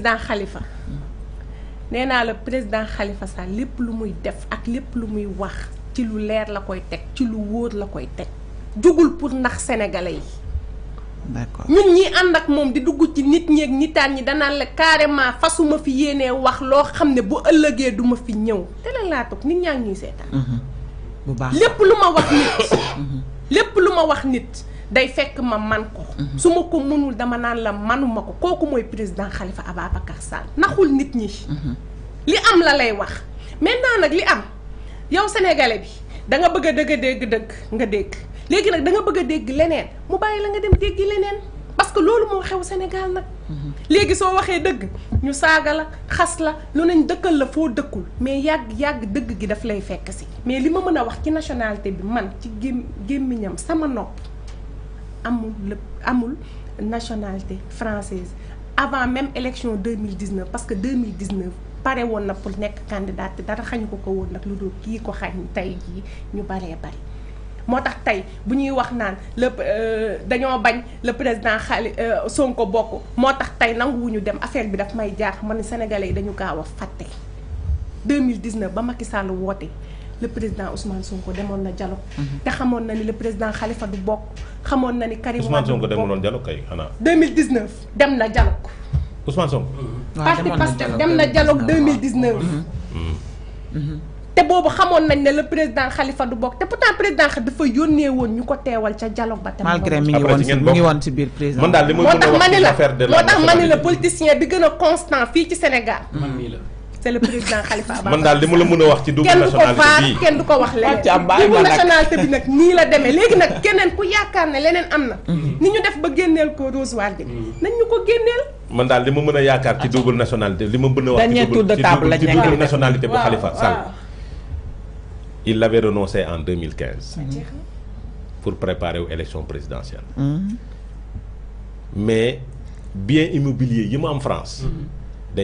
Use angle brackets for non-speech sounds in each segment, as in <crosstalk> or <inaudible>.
président Khalifa nee naa la président Khalifa Sall lépp lu muy def ak lépp lu muy wax ci lu leer la koy teg ci lu wóor la koy teg jógul pour ndax sénégalais yi. d'accord ñun ñi ànd ak moom di dugg ci nit ñeeg nitaan yi danaan la carrément fasuma fi yéenee wax loo xam ne bu ëllëgee duma fi ñëw tele laa toog nit ñaa ngi seetaan. Mm-hmm. lépp lu ma wax nit. <coughs> Mm-hmm. lépp lu ma wax nit. day fekk ma man ko mhm. su ma ko mënul dama naan la manuma ko kooku mooy président Khalifa Ababacar Sall naxul nit ñi mhm. li am la lay wax maintenant nag li am yow sénégalais bi da nga bëgg a dëgg dëgg nga dégg léegi nag danga bëgg a dégg leneen mu bàyyi la nga dem déggi leneen parce que loolu moo xew Sénégal nag mhm. léegi soo waxee dëgg ñu saaga la xas la lu nañ dëkkal la foo dëkkul mais yàgg yàgg dëgg gi daf lay fekk si mais li ma mën a wax ci nationalité bi man ci gém gémmiñam sama nopp amul amul nationalité française avant même élection 2019 parce que 2019 paré été na pour nekk candidat dara xagn ko ko won nak lu le ko xagn tay ji ñu bari motax tay le dañoo bañ le président euh, Sonko bokk motax tay nangu wuñu dem affaire bi daf may man sénégalais dañu 2019 ba Macky Sall le président Ousmane Sonko demoon na dialogue. Mhm. te xamoon na ni le président Khalifa du bokk xamoon na ni. Karim Wade du bokk Ousmane Sonko demoon dialogue kay xanaa. 2019 dem na dialogue. Ousmane Sonko. Mhm. parti Pastef dem na dialogue 2019. Mhm. te boobu xamoon nañ ne le président xalifa du bokk te pourtant président dafa yónnee woon ñu ko teewal ca dialogue ba. tamit malgré mi ngi woon si mi biir président. man daal li muy mën a wax moo tax ni la moo tax ma ni la politicien bi gën a constant fii ci Sénégal. man mii la. c'est le président Khalifa Ababacar man dal li ma la mën wax ci double nationalité bi kenn du ko wax leneen double nationalité bi nak ni la démé. Légui nak kenen ku yaakaar ne leneen am mhm. ni ñu def ba génneel ko Rose Wardini mhm. nañ ñu ko génneel man dal li meuna yakar ci double nationalité li ma wax ci double nationalité bu Khalifa Sall il l'avait renoncé en 2015 pour préparer aux élections présidentielles mhm. mais bien immobilier yi mu am France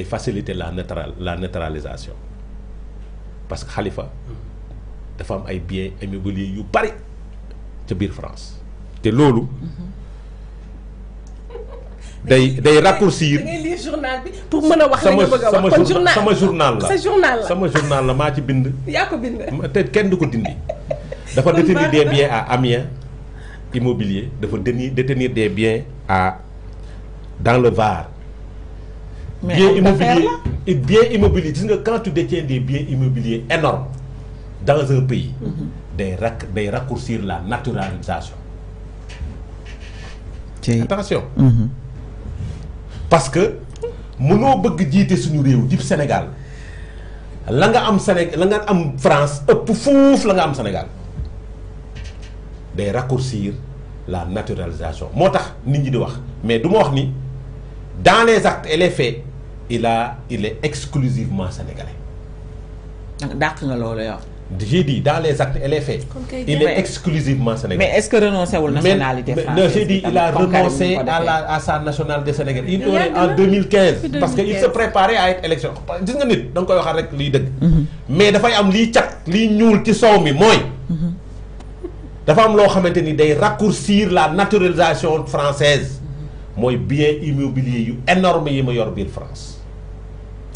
faciliter la la neutralisation parce que Khalifa des femmes ay bien immobilier yu paris <laughs> c'est France c'est Lolo day day raccourcir journal pour journal sama journal journal journal bind. <laughs> détenir des biens à Amiens immobilier faut détenir des biens à dans le Var bien immobilier et quand tu détiens des biens immobiliers énormes dans un pays mm-hmm. de raccourcir la naturalisation attention mm-hmm. parce que mënoo bëgg jiite suñu réew Sénégal la nga am Séné la am France au pouf la nga am Sénégal De raccourcir la naturalisation c'est ce nit ñi di wax mais du wax dans les actes et les faits il a il est exclusivement sénégalais. dàq nga yow. j'ai dit dans les actes et est faits. il est exclusivement sénégalais. mais est-ce que renoncé la nationalité française. non j'ai dit il a renoncé à la à sa nationalité sénégalaise. il aurait en 2015. parce qu'il se préparait à être élection gis nga nit il koy rek mhm. mais dafay am liy cat liy un ci soow mi mooy. Mhm. dafa am loo raccourcir la naturalisation française mhm. moi bien immobilier yu énorme yi ma yor France.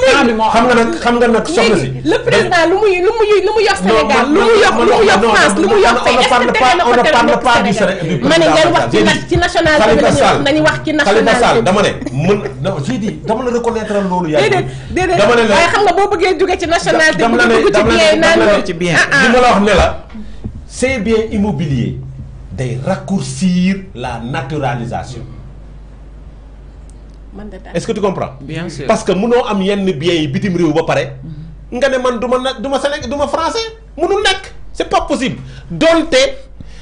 xam nga nag xam nga nag soxna si le président lu muy lu muy lu mu yor Sénégal lu mu yor lu mu yor France lu mu yor tey est-ce que dana na ko teral mbokk Sénégal ma ne ngeen wax ci nag ci nationalité bi nañu wax nañu wax ci nationalité Khalifa Sall dama ne mën non j'ai dit dama la reconnaître loolu yaa déedéet déedéet waaye xam nga boo bëggee jóge ci nationalité bi dugg ci bien naan ah, ah. ci bien li ma la wax ne la ces biens immobiliers day raccourcir la naturalisation est-ce que tu comprends. bien sûr parce que mon am yenn bien yi bitim réew ba paré. Mhm. nga ne man pas ma français c'est pas possible Donc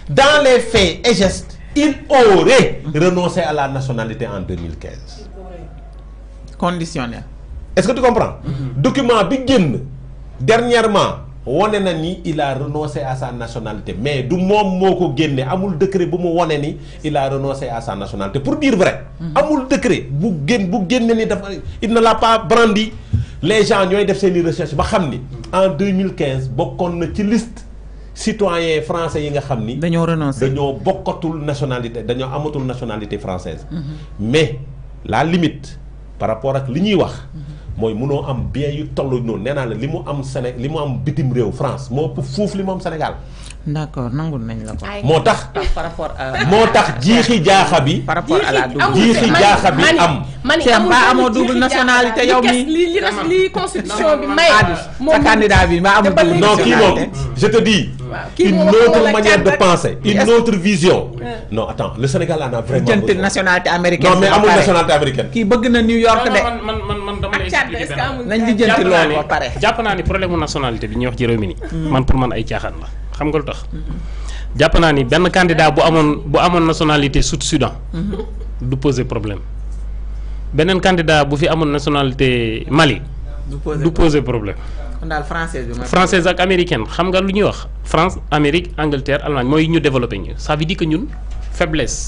dans les faits et gestes il aurait renoncé à la nationalité en 2015. conditionnel. est-ce que tu comprends. Mhm. document bi dernièrement wone na ni il a renoncé à sa nationalité mais du moment où guenné amul décret bu mu woné ni il a renoncé à sa nationalité pour dire vrai mhm. amul décret bu guen bu guenné ni dafa il ne l'a pas brandi les gens ñoy def seeni recherche ba xamni en 2015 beaucoup na ci liste citoyens français yi nga xamni dañoo renoncé dañoo nationalité dañoo amatul nationalité française mhm. mais la limite par rapport ak li ñuy wax mhm. mooy munoo am bien yu tollu noonu nee naa la li mu am Séné li mu am bitim réew France moo ëpp fuuf li mu am Sénégal d'accord non. nañ par rapport par rapport à la double double nationalité yow constitution candidat je te dis. une autre manière de penser une autre vision. non attends le Sénégal a vraiment nationalité américaine. non mais nationalité américaine. qui New York man man man non nationalité j'ai mm. man pour xam nga lu tax. si naa ni benn candidat bu amoon bu amoon nationalité sud sudan. du poser problème un candidat bu fi amoon nationalité Mali. du poser problème. française bi française ak américaine xam nga lu ñuy wax France Amérique Angleterre Allemagne mooy ñu développé ñu ça veut dire que ñun faiblesse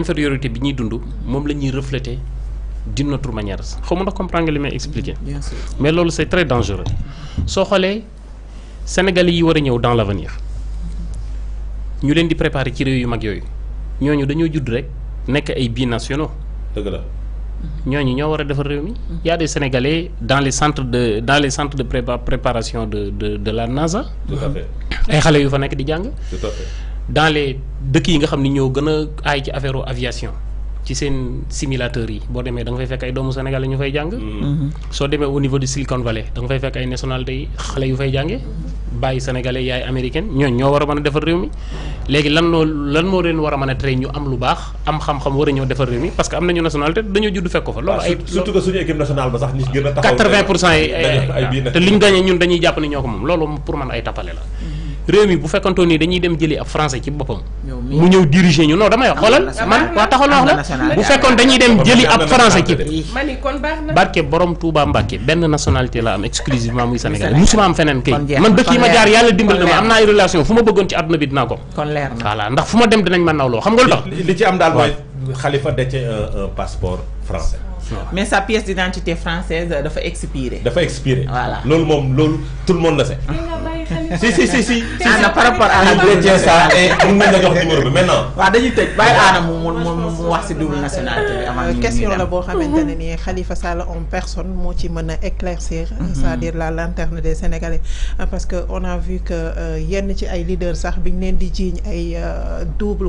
infériorité bi ñuy dund moom la ñuy refléter d'une autre manière xawma ndax comprendre li may expliquer. Mm-hmm. mais loolu c'est très dangereux soo xoolee sénégalais yi war a ñëw dans l'avenir ñu leen di préparer ci réew yu mag yooyu ñooñu dañoo judd rek ay la. ñooñu ñoo mm-hmm. y a des sénégalais dans les centres de dans les centres de préparation de la NASA. tout à fait mm-hmm. ay xale yu fa nekk di jàng. dans les aviation. ci seen simulateurs yi boo demee da nga fay fekk ay doomu Sénégal yi ñu fay jàng. Mm-hmm. soo demee au niveau du Silicon Valley da nga fay fekk ay nationalité yi xale yu fay jàngee bàyyi sénégalais yaay américaine ñooñ ñoo war a mën a defar réew mi léegi lan moo leen war a a tere ñu am lu baax am xam-xam war a defar réew mi parce que am nañu nationalité dañoo judd fekk ko fa. loolu ah, ay surtout que suñu équipe nationale ba sax ñu gën a taxaw pour cent te li ñu ñun dañuy jàpp ne ñoo ko moom loolu pour man ay tapale réew mi bu fekkantoon ni dañuy dem jëli ab français ci boppam. mu ñëw diriger ñu non dama wax xoolal man wa taxal wax la bu fekkoon dañuy dem jëli ab français ci kon barke borom Touba Mbacke benn nationalité la am exclusivement muy Sénégal musuma am feneen kay man dëkk yi ma jaar yàlla dimbal na ma am naa ay relation fu ma bëggoon ci aduna bi dinaa ko kon voilà ndax fu ma dem dinañ ma nawloo xam nga lu tax li ci am daal mooy Khalifa dece euh, un passeport français mais sa pièce d'identité française dafa expiré dafa expiré voilà loolu moom loolu tout le monde la sait si si si si. si par rapport à la. ça maintenant. question la Khalifa Sall en personne mo ci éclaircir. Mhm. c'est-à-dire la lanterne des Sénégalais parce que on a vu que euh, yenn ci ay leaders sax biñ euh, double.